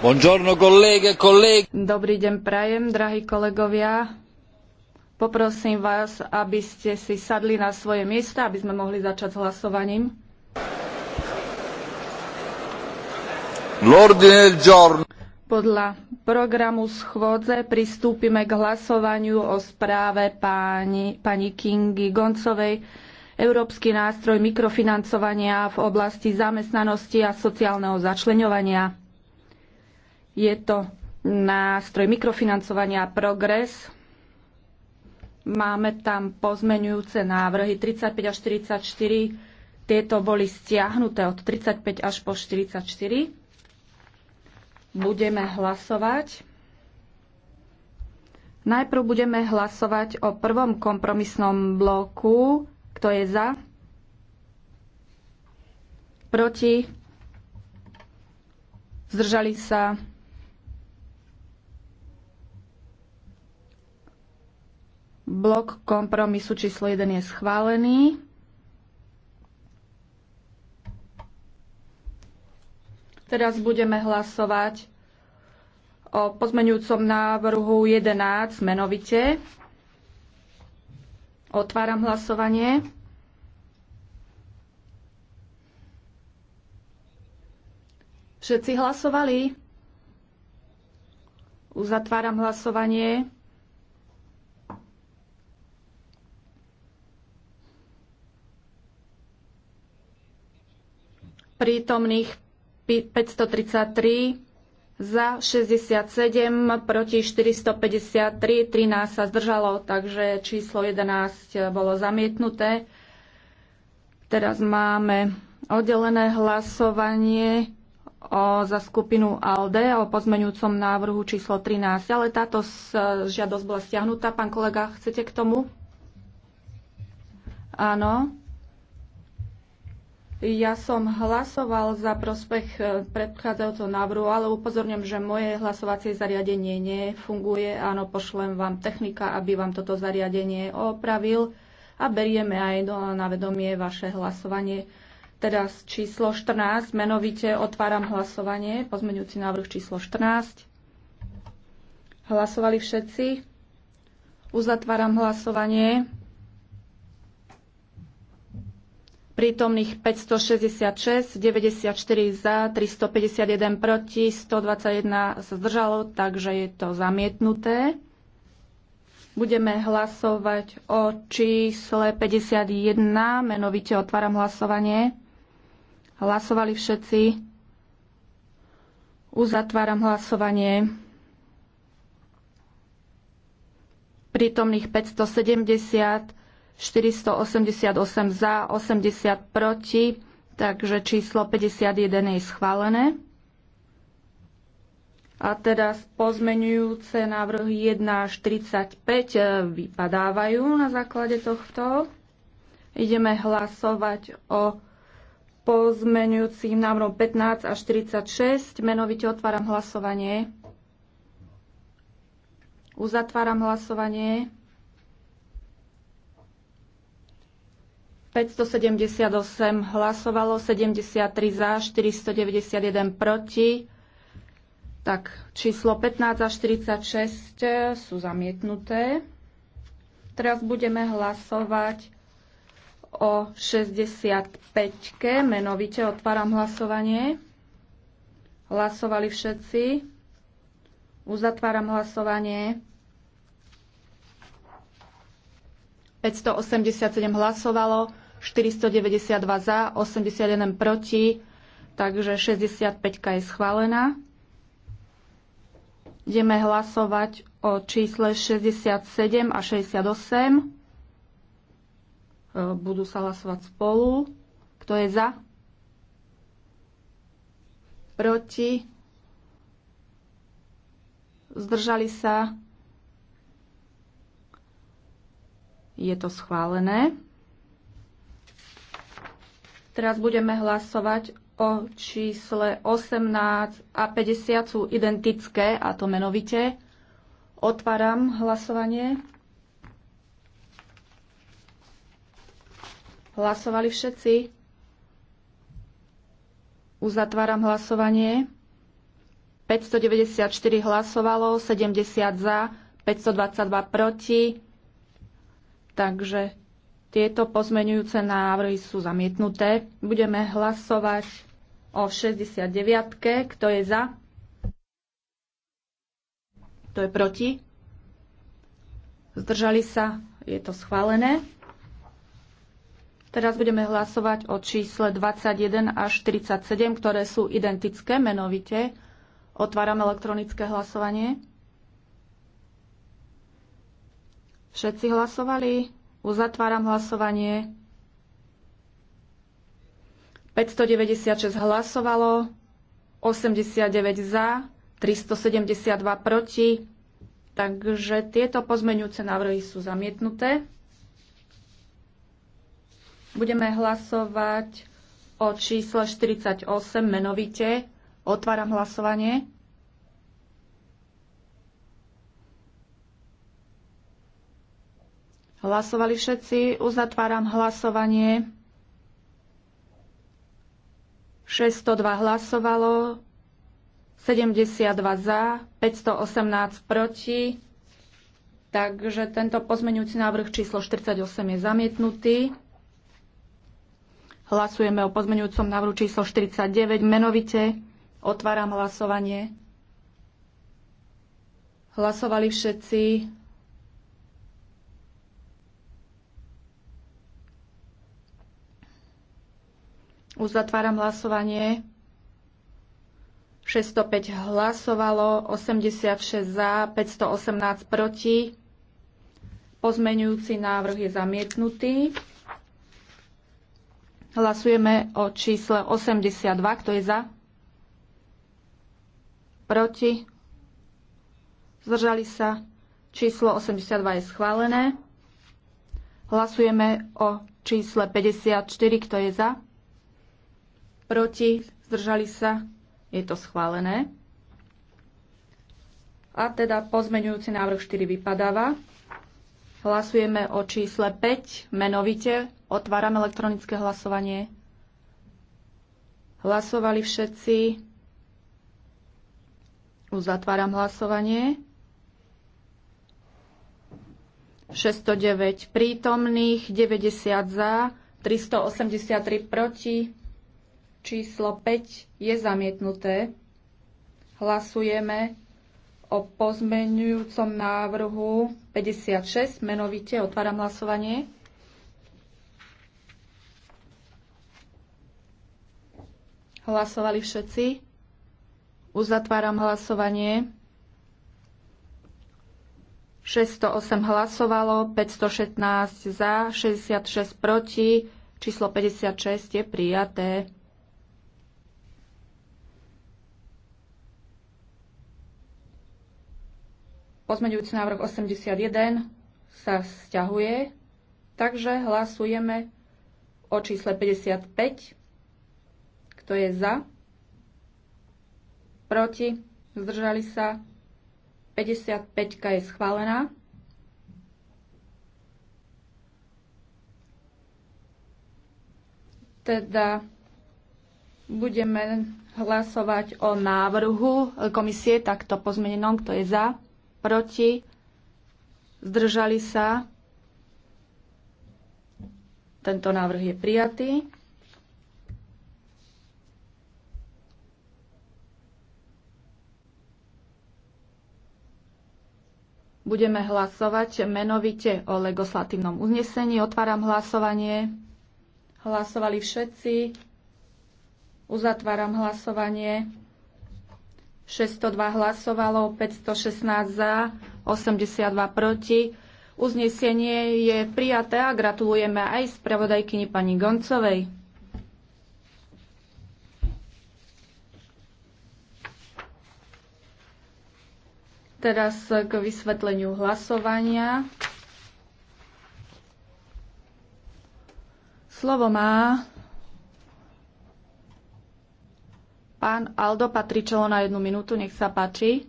E Dobrý deň prajem, drahí kolegovia. Poprosím vás, aby ste si sadli na svoje miesta, aby sme mohli začať s hlasovaním. Podľa programu schôdze pristúpime k hlasovaniu o správe pani, pani Kingy Goncovej Európsky nástroj mikrofinancovania v oblasti zamestnanosti a sociálneho začleňovania. Je to nástroj mikrofinancovania Progres. Máme tam pozmenujúce návrhy 35 až 44. Tieto boli stiahnuté od 35 až po 44. Budeme hlasovať. Najprv budeme hlasovať o prvom kompromisnom bloku. Kto je za? Proti? Zdržali sa? Blok kompromisu číslo 1 je schválený. Teraz budeme hlasovať o pozmeňujúcom návrhu 11 menovite. Otváram hlasovanie. Všetci hlasovali? Uzatváram hlasovanie. prítomných 533 za 67, proti 453, 13 sa zdržalo, takže číslo 11 bolo zamietnuté. Teraz máme oddelené hlasovanie o, za skupinu ALDE o pozmeňujúcom návrhu číslo 13, ale táto žiadosť bola stiahnutá. Pán kolega, chcete k tomu? Áno. Ja som hlasoval za prospech e, predchádzajúceho návrhu, ale upozorňujem, že moje hlasovacie zariadenie nefunguje. Áno, pošlem vám technika, aby vám toto zariadenie opravil a berieme aj do, na vedomie vaše hlasovanie. Teda číslo 14, menovite otváram hlasovanie, pozmeňujúci návrh číslo 14. Hlasovali všetci. Uzatváram hlasovanie. prítomných 566, 94 za, 351 proti, 121 sa zdržalo, takže je to zamietnuté. Budeme hlasovať o čísle 51, menovite otváram hlasovanie. Hlasovali všetci. Uzatváram hlasovanie. Prítomných 570, 488 za, 80 proti, takže číslo 51 je schválené. A teraz pozmenujúce návrhy 1 až 35 eh, vypadávajú na základe tohto. Ideme hlasovať o pozmenujúcim návrhom 15 až 36. Menovite otváram hlasovanie. Uzatváram hlasovanie. 578 hlasovalo, 73 za, 491 proti. Tak číslo 15 a 46 eh, sú zamietnuté. Teraz budeme hlasovať o 65. Menovite otváram hlasovanie. Hlasovali všetci. Uzatváram hlasovanie. 587 hlasovalo, 492 za, 81 proti, takže 65 je schválená. Ideme hlasovať o čísle 67 a 68. E, budú sa hlasovať spolu. Kto je za? Proti? Zdržali sa? Je to schválené. Teraz budeme hlasovať o čísle 18 a 50 sú identické, a to menovite. Otváram hlasovanie. Hlasovali všetci? Uzatváram hlasovanie. 594 hlasovalo, 70 za, 522 proti. Takže tieto pozmeňujúce návrhy sú zamietnuté. Budeme hlasovať o 69. -ke. Kto je za? Kto je proti? Zdržali sa? Je to schválené. Teraz budeme hlasovať o čísle 21 až 47, ktoré sú identické menovite. Otváram elektronické hlasovanie. Všetci hlasovali? Uzatváram hlasovanie. 596 hlasovalo, 89 za, 372 proti. Takže tieto pozmeňujúce návrhy sú zamietnuté. Budeme hlasovať o čísle 48 menovite. Otváram hlasovanie. Hlasovali všetci. Uzatváram hlasovanie. 602 hlasovalo, 72 za, 518 proti. Takže tento pozmeňujúci návrh číslo 48 je zamietnutý. Hlasujeme o pozmeňujúcom návrhu číslo 49 menovite. Otváram hlasovanie. Hlasovali všetci. Uzatváram hlasovanie. 605 hlasovalo, 86 za, 518 proti. Pozmenujúci návrh je zamietnutý. Hlasujeme o čísle 82. Kto je za? Proti? Zdržali sa? Číslo 82 je schválené. Hlasujeme o čísle 54. Kto je za? proti, zdržali sa, je to schválené. A teda pozmeňujúci návrh 4 vypadáva. Hlasujeme o čísle 5 menovite. Otváram elektronické hlasovanie. Hlasovali všetci. Uzatváram hlasovanie. 609 prítomných, 90 za, 383 proti, číslo 5 je zamietnuté. Hlasujeme o pozmenujúcom návrhu 56. Menovite otváram hlasovanie. Hlasovali všetci. Uzatváram hlasovanie. 608 hlasovalo, 516 za, 66 proti, číslo 56 je prijaté. Pozmeňujúci návrh 81 sa vzťahuje, takže hlasujeme o čísle 55. Kto je za? Proti? Zdržali sa? 55 je schválená. Teda budeme hlasovať o návrhu komisie takto pozmenenom, kto je za, proti, zdržali sa. Tento návrh je prijatý. Budeme hlasovať menovite o legislatívnom uznesení. Otváram hlasovanie. Hlasovali všetci. Uzatváram hlasovanie. 602 hlasovalo, 516 za, 82 proti. Uznesenie je prijaté a gratulujeme aj spravodajkyni pani Goncovej. Teraz k vysvetleniu hlasovania. Slovo má Pán Aldo Patričelo na jednu minútu, nech sa páči.